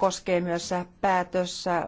koskee myös päätössä